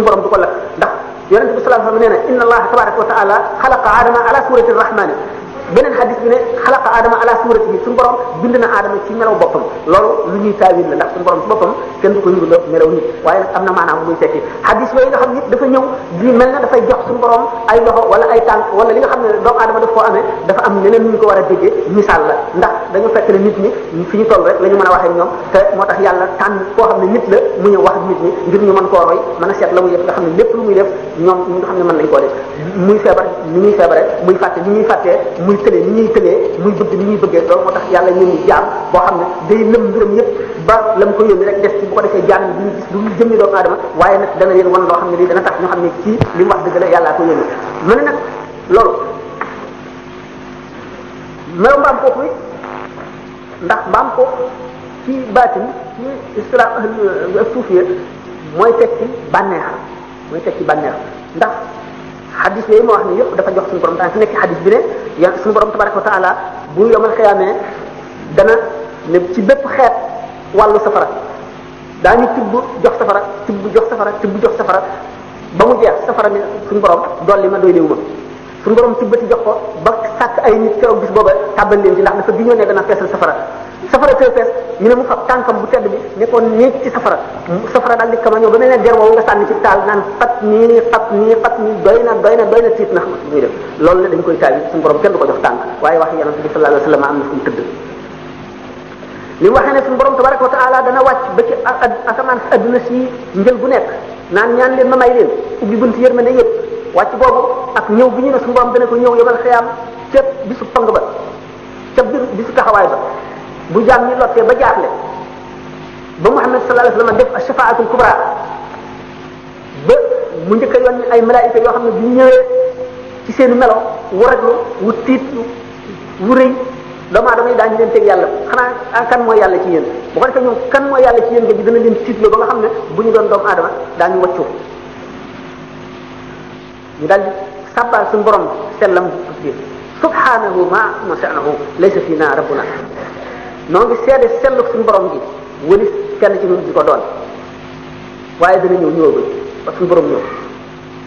borom du ko lakk ndax yonente bi sallallahu alayhi wasallam nee na inna allaha wa taala xalaqa aadama ala surati beneen xadis bi ne xalaqa aadama ala suratihi suñu borom bind na aadama ci melaw boppam loolu lu ñuy taawil la ndax suñu borom ci boppam kenn du ko niruloo melaw nit waaye am na maanaam muy tekki xadis yooyu nga xam nit dafa ñëw mel na dafay jox suñu borom ay loxo wala ay tànk wala li nga xam ne doomu aadama daf koo amee dafa am leneen nu ñu ko war a déggee misaal la ndax dañu fekk ne nit ñi fi ñu toll rek la ñu mën a waxee ñoom te moo t yàlla tànn koo xam ne nit la mu ñëw wax nit ñi ngir ñu mën koo roy mën a seet la muy def nga xam lu muy def ñoom ñi nga muy tëlee ni ñuy tëlee muy bëgg ni ñuy bëggee loolu moo tax yàlla ñun ñi jaam boo xam ne day lëm mbiram yépp ba la mu ko yónni rek des ci bu ko defee jaam bi ñu gis lu jëmmi doomu aadama waaye nag dana leen wan loo xam ne lii dana tax ñu xam ne kii li mu wax dëgg la yàllaa ko yónni mu ne nag loolu melo mbaam foofu it ndax mbaam foofu ci baatin ci islam euh, suufiya mooy tekki bànneex mooy tekki bànneex ndax xadis yooyu ma wax ni yëpp dafa jox suñu borom daan fi nekk xadis bi ne ya suñu borom tabaraka wa taala bu yomal xiyaamee dana ne ci bépp xeet wàllu safara daañu tibb jox safara tibb jox safara tibb jox safara ba mu jeex safara ni suñu borom dolli ma doy léwu ma suñu borom tibbati jox ko ba sàkk ay nit keroog bis booba tàbbal leen ci ndax dafa giñoo ne dana feesal safara safara tey fees ñu ne mu fab tànkam bu tedd bi nekkoon nii ci safara safara daal di kama ñëw ba mel ne der woowu nga sànni ci taal naan fat nii fat nii fat nii doy na doy na doy na tiit na xam muy def loolu la dañ koy taal suñu borom kenn du ko jox tànk waaye wax yonent bi sallallahu wa borom tabaraka wa taala dana wàcc ba ci asamaan si adduna si njël bu nekk naan ñaan leen ma may leen ubbi bunt yërmande yëpp wàcc boobu ak ñëw bi ñu ne suñu borom dana ko ñëw yobal xayaam ca bisu pang ba ca bisu taxawaay ba bu jaam ñi lottee ba jaaxle ba Muhammad sallallahu alayhi wasallam def shafaatul kubra ba mu njëkk a yónni ay malaayika yoo xam ne bu ñëwee ci seen melo wu raglu wu tiitlu wu rëy doomu yàlla xanaa ah, kan mooy yàlla ci yéen bu kan mooy yàlla ci yéen nga ji dana leen tiitloo ba nga xam ne bu ñu doon doomu aadama daañu wàccu ñu daal di sàbbaal suñu borom sellam biir subhanahu ma nasanahu rabbuna noo ngi seede sellu suñu borom ji wëlis kenn ci ñun di ko doon waaye dana ñëw ñëwagul parce que borom ñëw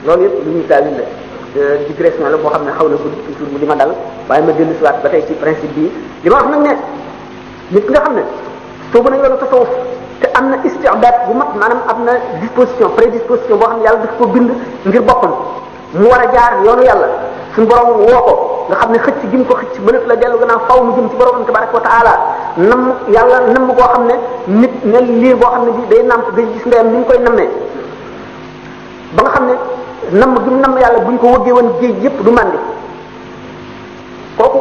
loolu yëpp lu ñuy taawil la digression la boo xam ne xaw na gudd toujours li ma dal waaye ma dellu siwaat ba tey ci principe bi li ma wax nag ne nit ki nga xam ne soobu nañ yoonu tasawuf te am na istidaat bu mag maanaam am na disposition prédisposition boo xam ne yàlla daf ko bind ngir boppam mu war a jaar yoonu yàlla suñu borom woo ko nga xam ne xëcc gi ko xëcc mënatu la dellu gannaaw faaw mu jëm ci boromam tabaraka wa taala nam yàlla nam koo xam ne nit ne liir boo xam ne bi day namp day gis ndeyam ni mu koy nammee ba nga xam ne nam gi mu nam yàlla bu ñu ko wëggee woon géej yépp du màndi kooku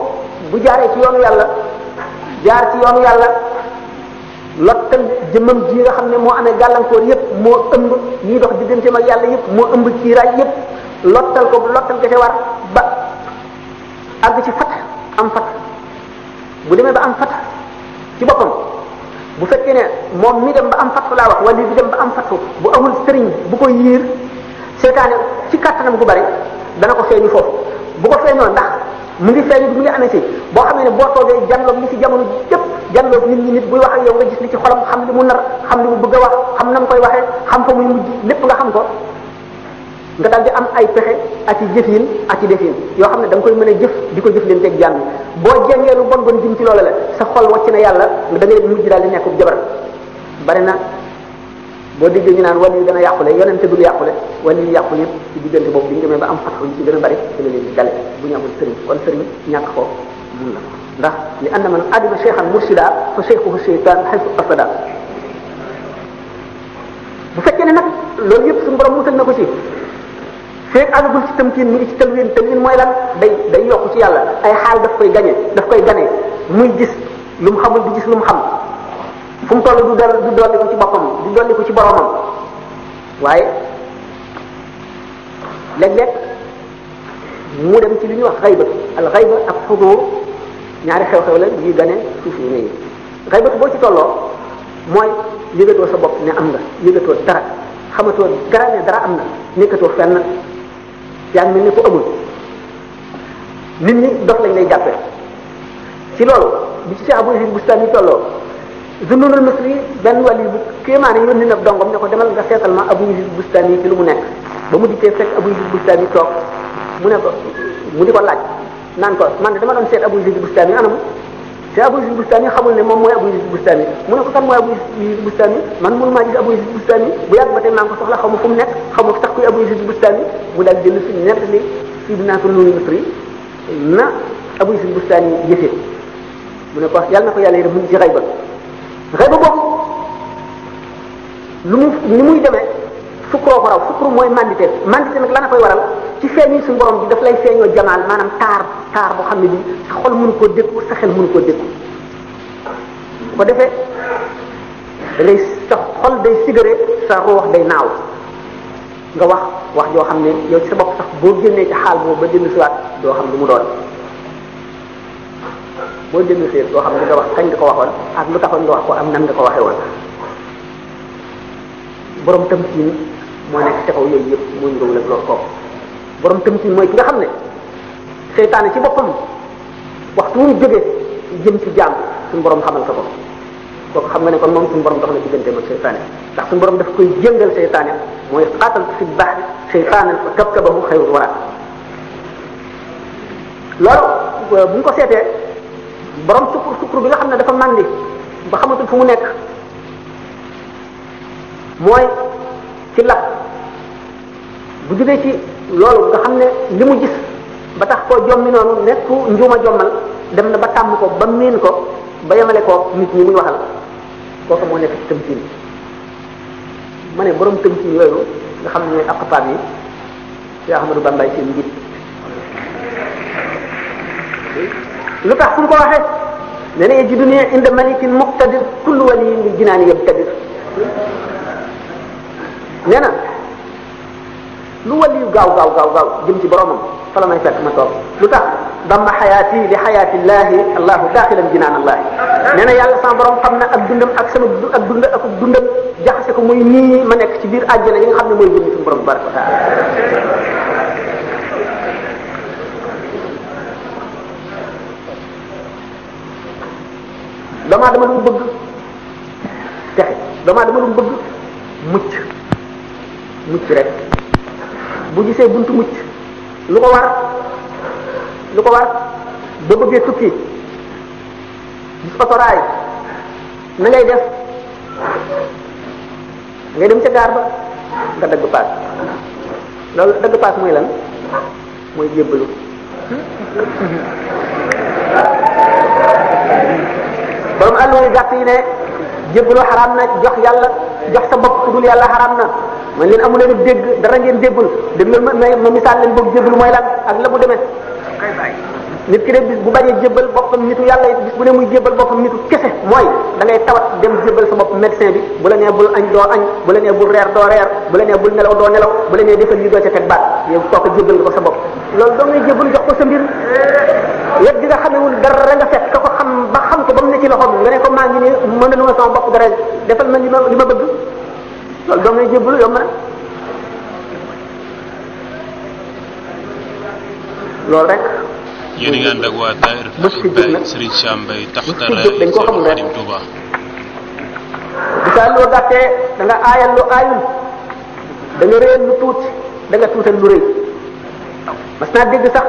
bu jaaree ci yoonu yàlla jaar ci yoonu yàlla lottal jëmmam ji nga xam ne moo amee gàllankoor yépp moo ëmb ñuy dox digganteem ak yàlla yépp moo ëmb kiiraay yépp lottal ko bu lottal ga ca war ba àgg ci fat am fat bu demee ba am fat ci boppam bu fekkee ne moom mi dem ba am fattu laa wax wala bi dem ba am fattu bu amul sëriñ bu ko yiir seetaane ci kàttanam gu bari dana ko feeñu foofu bu ko feeñoo ndax mu ngi feeñu mu ngi amee si boo xam ne boo toogee janloog li ci jamono jëpp janloog nit ñi nit buy wax ak yow nga gis li ci xolam xam li mu nar xam li mu bëgg a wax xam na mu koy waxee xam fa muy mujj lépp nga xam ko nga daal di am ay pexe ak i jëfin ak i defin yoo xam ne da nga koy mën a jëf di ko jëf leen teg jàmm boo jengee lu bon bon jëm ci loola la sa xol wàcc na yàlla da ngay mujj daal di nekk jabar bari na boo diggee ñu naan wàllu yi dana yàqule yonente dul yàqule wàllu yi yàqule yëpp ci diggante boobu bi ñu demee ba am fatxu a bari ci la leen di dale bu ñu amul sëriñ kon sëriñ ñàkk foofu mun la ndax li ànd man adima cheikhan mursida fa cheikhuhu cheytan xaytu asada bu fekkee ne nag loolu yëpp suñu borom musal na ko ci feeg àggagul ci tamkiin mi ngi ci talwiin talwiin mooy lan day day yokk ci yàlla ay xaal daf koy gañe daf koy gane muy gis lu mu xamul di gis lu mu xam fu mu toll du dal du dolli ko ci boppam du dolli ko ci boromam waaye léeg-léeg mu dem ci lu ñuy wax xaybatu al xayba ak xudur ñaari xew-xew la yuy gane suuf yi ne yi xaybatu boo ci tolloo mooy yëgatoo sa bopp ne am nga yëgatoo dara xamatoo dara ne dara am na nekkatoo fenn yaa ngi mel ni ko amul nit ñi dox lañ lay jàppe ci loolu bi ci Cheikh Abou Yazid Bustami tolloo Zunnunul Misri benn wàll yi bu kéemaane yónni na dongom ne ko demal nga seetal ma Abou Yazid Bustami ci lu mu nekk ba mu dikkee fekk Abou Yazid Bustami toog mu ne mu di ko laaj naan ko man de dama doon seet Abou Yazid Bustami anam te Abu Yusuf Bustami xamul ne moom mooy Abu Yusuf Bustami mu ne ko kan mooy Abu Yusuf Bustami man mënu maa gis Abu Yusuf Bustami bu yàgg ma tey maa ngi ko soxla xamu fu mu nekk xamu sax kuy Abu Yusuf Bustami mu daal jënd si nett li si dinaa ko nuyu Misri na Abu Yusuf Bustami jëfee mu ne ko yàlla na ko yàlla yërëm mu ngi ci xayba xayba boobu lu ni muy demee sukkuroo ko raw sukkuru mooy mandité mandité nag lan a koy waral ci feeñu si borom bi daf lay feeñoo jamaal maanaam taar taar boo xam ne bi sa xol mënu koo dékku sa xel mënu koo dékku ko defee da ngay sa xol day sigare sa ruux day naaw nga wax wax joo xam ne yow ci sa bopp sax boo génnee ci xaal boobu ba dellu siwaat doo xam lu mu doon boo dellu siwaat doo xam ne nga wax kañ nga ko waxoon ak lu taxoon nga wax ko am nan nga ko waxee woon borom tam moo nekk ca kaw yooyu yëpp moo njuróowul ak loolu kooku borom tamit mooy ki nga xam ne seytaane ci boppam waxtu wu jógee jëm si jaam suñu borom xamal ko ko kooku xam nga ne kon moom suñu borom dox na diggante ak seytaane ndax suñu borom daf koy jëngal seytaane mooy xaatal fi baax seytaane fa kabkabahu xayrul wara loolu bu ñu ko seetee borom sukkur sukkur bi nga xam ne dafa màndi ba xamatul fu mu nekk mooy. ci lab bu jugee ci loolu nga xam ne li mu gis ba tax koo jommi noonu nekku njuuma jommal dem na ba tàmm ko ba miin ko ba yemale ko nit ñi muy waxal kooku moo nekk ci ma ne boroom tëmsiin yooyu nga xam ne ñooy aqtaab yi ci Ahmadu Bambaay seen njiit lu tax pour ko waxee nee na yajidu ni inda malikin muqtadir kullu waliyin li jinaani yabtadir nee na lu waliyu gaaw gaaw gaaw gaaw jëm ci boromam fa la may lu tax damma xayaati li xayaatillahi allahu daaxilan jinaan allahi nee na yàlla sama borom na ak dundam ak sama ak dund ak dundam jaxase ko muy nii ma nekk ci biir àjjana yi nga xam ne mooy jëm suñu borom tabaraka wa taala doomaa mucc rek bu gisee buntu mucc lu ko war lu ko war ba bëggee tukki gis otoraay na ngay def ngay dem ca gaar ba nga dagg paas loolu dagg paas muy lan mooy jébbalu borom àll yu gàtt yi ne jébbalu xaraam na jox yàlla jox sa bopp ku dul yàlla xaraam na man leen amu leen dégg dara ngeen déggul dégg dem ma ma misaal leen boog jébbalu mooy lan ak la mu demee nit ki de bis bu bañee jébbal boppam nitu yàlla bis bu ne muy jébbal boppam nitu kese mooy da ngay tawat dem jébbal sa bopp médecin bi bu la nee bul añ doo bu la nee bul reer doo reer bu la nee bul nelaw doo nelaw bu la nee defal lii doo ca baat yow kooku jébbal nga ko sa bopp loolu doo ngay jébbal jox ko sa mbir wet gi nga xamewul dara nga fekk ko xam ba xam ko ba mu ne ci loxoom nga ne ko maa ngi ne mën na sama bopp dara defal ma li ma li ma loolu doo ngay jébbalu yomb rek loolu rek. yéen a ngi waa Daïra Rasul Baye Serigne Sam Mbaye taxtara dañ ko xamul rek Touba. bisaa loo gàttee da nga lu aayul da nga réyal lu tuuti da nga tuutal lu rëy mas naa dégg sax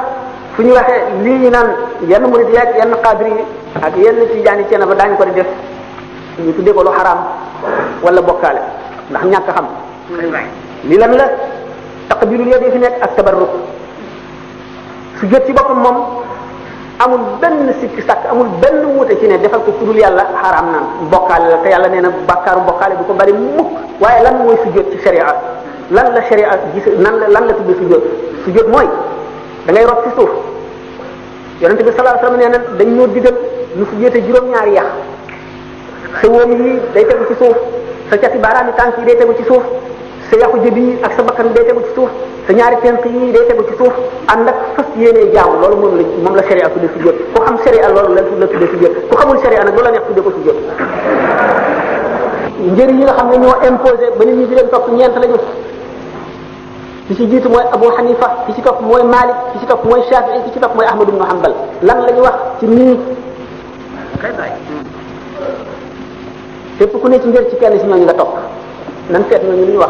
fu ñu waxee lii ñu naan yenn murid yi ak yenn xaadir yi ak yenn tijaan yi cee na ba ko di def ñu tuddee ko lu xaraam wala bokkaale. ndax ñàkk xam li lan la taqbirul yadi fi nekk ak tabarruk su jot ci boppam moom amul benn sikki sàkk amul benn wuute ci ne defal ko kudul yàlla xaraam na bokkaale la te yàlla nee na bàkkaaru bokkaale bu ko bari mukk waaye lan mooy su jot ci sharia lan la sharia gis nan lan la tudd mooy da ngay ci suuf yonente bi sallallahu alayhi wasallam nee na dañ ñoo digal ñu su jotee juróom-ñaari yax xewam yi day tegu ci suuf sa cati baaraami tànk yi day tegu ci suuf sa yàqu jëb yi ak sa bakkan day tegu ci suuf sa ñaari tenk yi day tegu ci suuf ànd ak fas yéenee jaamu loolu moom la moom la sharia tuddee su jot ku xam sharia loolu la la tuddee su jot ku xamul sharia nag loola neex tuddee ko su jot njëriñ yi nga xam ne ñoo imposé ba nit ñi di leen topp ñeent lañu ki ci jiitu mooy Abu Hanifa ki ci topp mooy Malik ki ci topp mooy Shafi'i ki ci topp mooy Ahmad ibn Hanbal lan la ñu wax ci nii képp ku ne ci njër ci kenn si ñooñu nga topp nan seet ñooñu lu ñu wax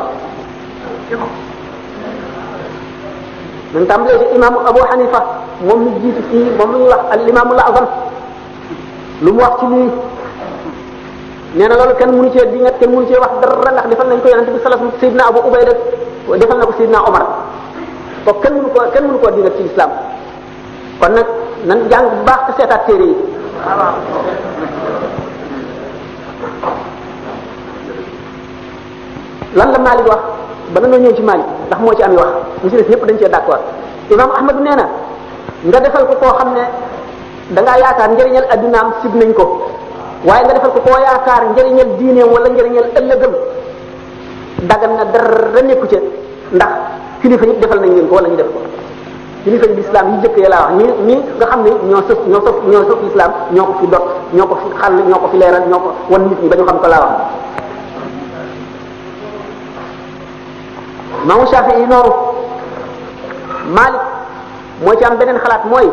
nan tàmbalee ci imaamu Abu Hanifa moom mi jiitu fii moom lu ñuy wax al imaamu la azam lu mu wax ci lii nee na loolu kenn mënu cee di nga kenn mënu cee wax dara ndax defal nañ ko yonente bi sallallahu alayhi wasallam Seydina Abu Ubayda defal na ko Seydina Omar ko kenn mënu ko kenn koo di nga ci islam kon nag nan jàng bu baax te seetaat téere yi lan la Malik wax bala nga ñëw ci Malik ndax moo ci am yi wax ñu ci def yépp dañ cee d'accord imam Ahmad nee na nga defal ko koo xam ne da ngaa yaakaar njëriñal addunaam sib nañ ko waaye nga defal ko koo yaakaar njëriñal diineem wala njëriñal ëllëgëm dagan na dara nekku ci ndax kilifa yëpp defal nañ leen ko wala ñu def ko kilifa lislaam yi jëkkee laa wax ñi nii nga xam ne ñoo sëf ñoo sëf ñoo sëf lislaam ñoo ko fi dot ñoo ko fi xal ñoo ko fi leeral ñoo ko wan nit ñi ba ñu xam ko laa wax maamu Shaafi yi noonu Maalik ci am beneen xalaat mooy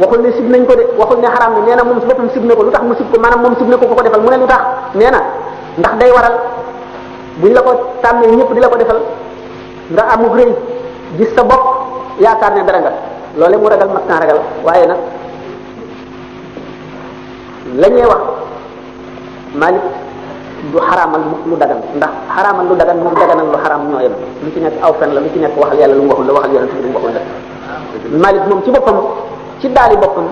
waxul ne sib nañ ko de waxul ne xaraam ne nee na moom si boppam sib na ko lu tax mu sib ko maanaam moom sib na ko ko ko defal mu ne lu tax nee na ndax day waral buñ la ko tàmmee ñëpp di la ko defal nga amug rëy gis sa bopp yaakaar ne dara nga loole mu ragal mat naa ragal waaye nag la ñuy wax Malik du xaraamal lu dagan ndax xaraamal lu dagan moom daganal lu xaraam ñoo yem ci nekk aw fen la lu ci nekk waxal yàlla lu mu la waxal yonent bi lu mu waxul la Malik moom ci boppam ci daali boppam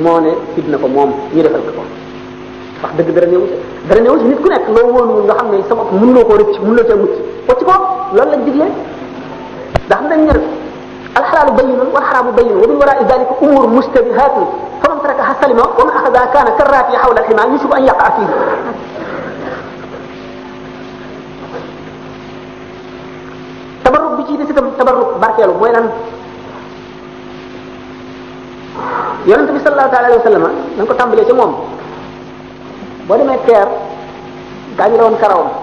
moo ne fitna ko moom ñu defal ko ko wax dëgg dara néewu ci dara néewu ci loo wóolu sama mënuloo koo rëcc mënuloo cee mucc ko ci ko loolu lañ digle ndax am nañ njër alxalaalu bayinun wal xaraamu bayinun wa min waraai dalika umur mustabihatun faman tarakaha salima wa man axada kaana karraati xawla alxima yusubu an yaqa fihi tabarruk bi ci des itam tabarruk barkeelu mooy lan yonent bi sallallahu taala alayhi wa sallam dañ ko tàmbalee ci moom boo demee teer gaañu la woon karawam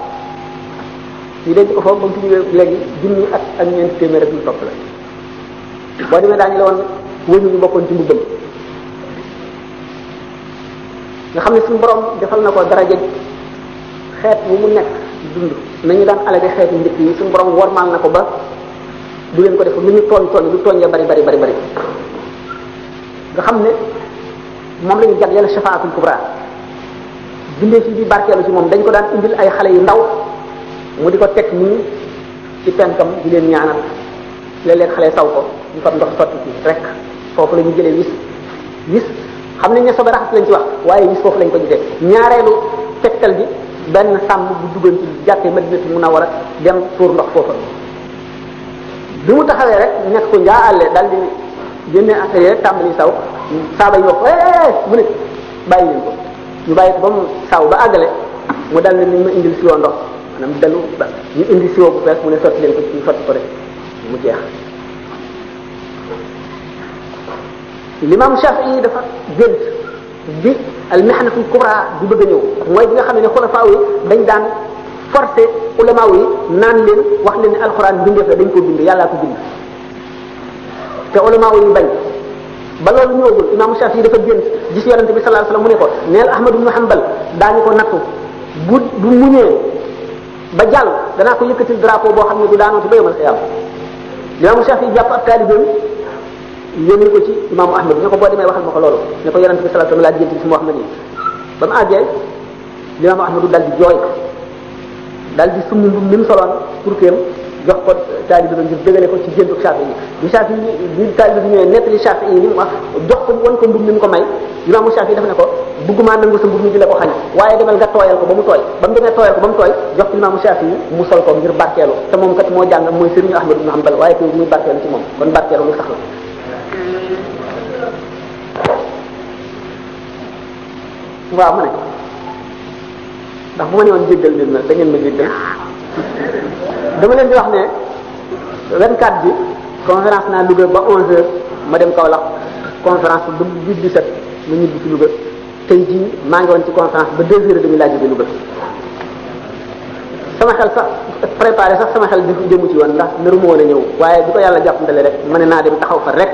ñu denc ko foofu ba mu fi ñëwee léegi junni ak ak ñeenti téeméer ak lu topp la boo demee daañu la woon wëñu ñu bokkoon ci mbubbam nga xam ne suñu boroom defal na ko daraja xeet yi mu nekk dund nañu daan alal di xeetu njëkk yi suñu borom wormaal na ko ba du leen ko def lu ñu tooñ tooñ lu tooñ ya bari bari bari bari nga xam ne moom la ñu jagleel shafaatul kubra bindee fi bi barkeelu ci moom dañ ko daan indil ay xale yu ndaw mu di ko teg nii ci penkam di leen ñaanal léeg-léeg xale saw ko ñu fab ndox sotti ci rek foofu la ñu jëlee wis xam nañ ne sobe raxas lañ ci wax waaye wis foofu lañ ko gisee ñaareelu tegtal bi benn sàmm bu duggoon ci jàkkee Madinatu Munawwara dem tuur ndox foofa bi mu taxawee rek nekk ko njaa àllee daal di génne affaire yi rek tàmbali saw saaba yi wax mu ne bàyyi leen ko ñu bàyyi ko ba mu saw ba àggale mu dal ne ni mu indil si woon ndox maanaam dalu ba ñu indi siwo bu bees mu ne sotti leen ko ñu sotti mu jeex l'imam Shafi'i dafa gént bi al mihnatul kubra di bëgg a ñëw mooy bi nga xam ne xulafaa yi dañ daan forcé ulama yi naan leen wax leen ne alxuraan bindeef la dañ ko bind yàlla ko bind te ulama yi bañ ba loolu ñëwagul imam Shafi'i dafa bi sallallahu alayhi mu ne ko neel Ahmad ibn Hanbal daañu ko nattu bu bu ba jàll danaa ko yëkkatil drapeau boo xam ne du daanoo te ba yomal xiyaam imaamu Shafi jàpp ab taalibeem yónni ko ci imaamu Ahmed ne ko boo demee waxal ma ko loolu ne ko yonente bi sallallahu alayhi wasallam laa jénti ci mu wax ma nii ba mu àggee limaamu Ahmedu dal di jooy dal di summi mbubb mi mu pour kéem jox ko taalibe ba ngir dëgale ko ci jëndu Shafi yi bi Shafi yi bi taalibe bi ñëwee nettali Shafi yi jox ko won ko mbub mi mu ko may imaamu Shafi yi daf ne ko bëgguma nangu sa mbub mi di la ko xañ waaye demal nga tooyal ko ba mu tooy ba mu demee tooyal ko ba mu tooy jox ko imaamu Shafi yi mu sol ko ngir barkeelu te moom kat moo jàng mooy sëriñu Ahmad ibn Hanbal waaye teewul muy barkeelu ci moom kon barkeelu lu sax la waaw ma ne ndax bu ma ne woon ma dama leen di wax ne 24 bi conférence naa Louga ba 11h ma dem Kaolack conférence ba 17 ma ñibbi ci luga tey jii maa ngi woon ci conférence ba 2h dañu laa jóge Louga sama xel sax préparé sax sama xel di jëmu ci woon ndax naru ma woon a ñëw waaye bu ko yàlla jàppandale rek ma ne naa dem taxaw fa rek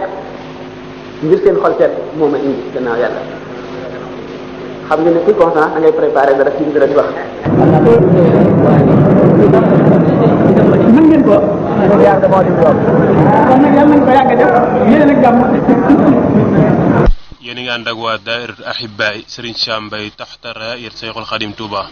ngir seen xol seet moo ma indi gannaaw yàlla. xam nga ne kuy conférence da waa Daa'iratu Ahibaay Serigne Sam Mbaye taxta raayat Xadim Touba.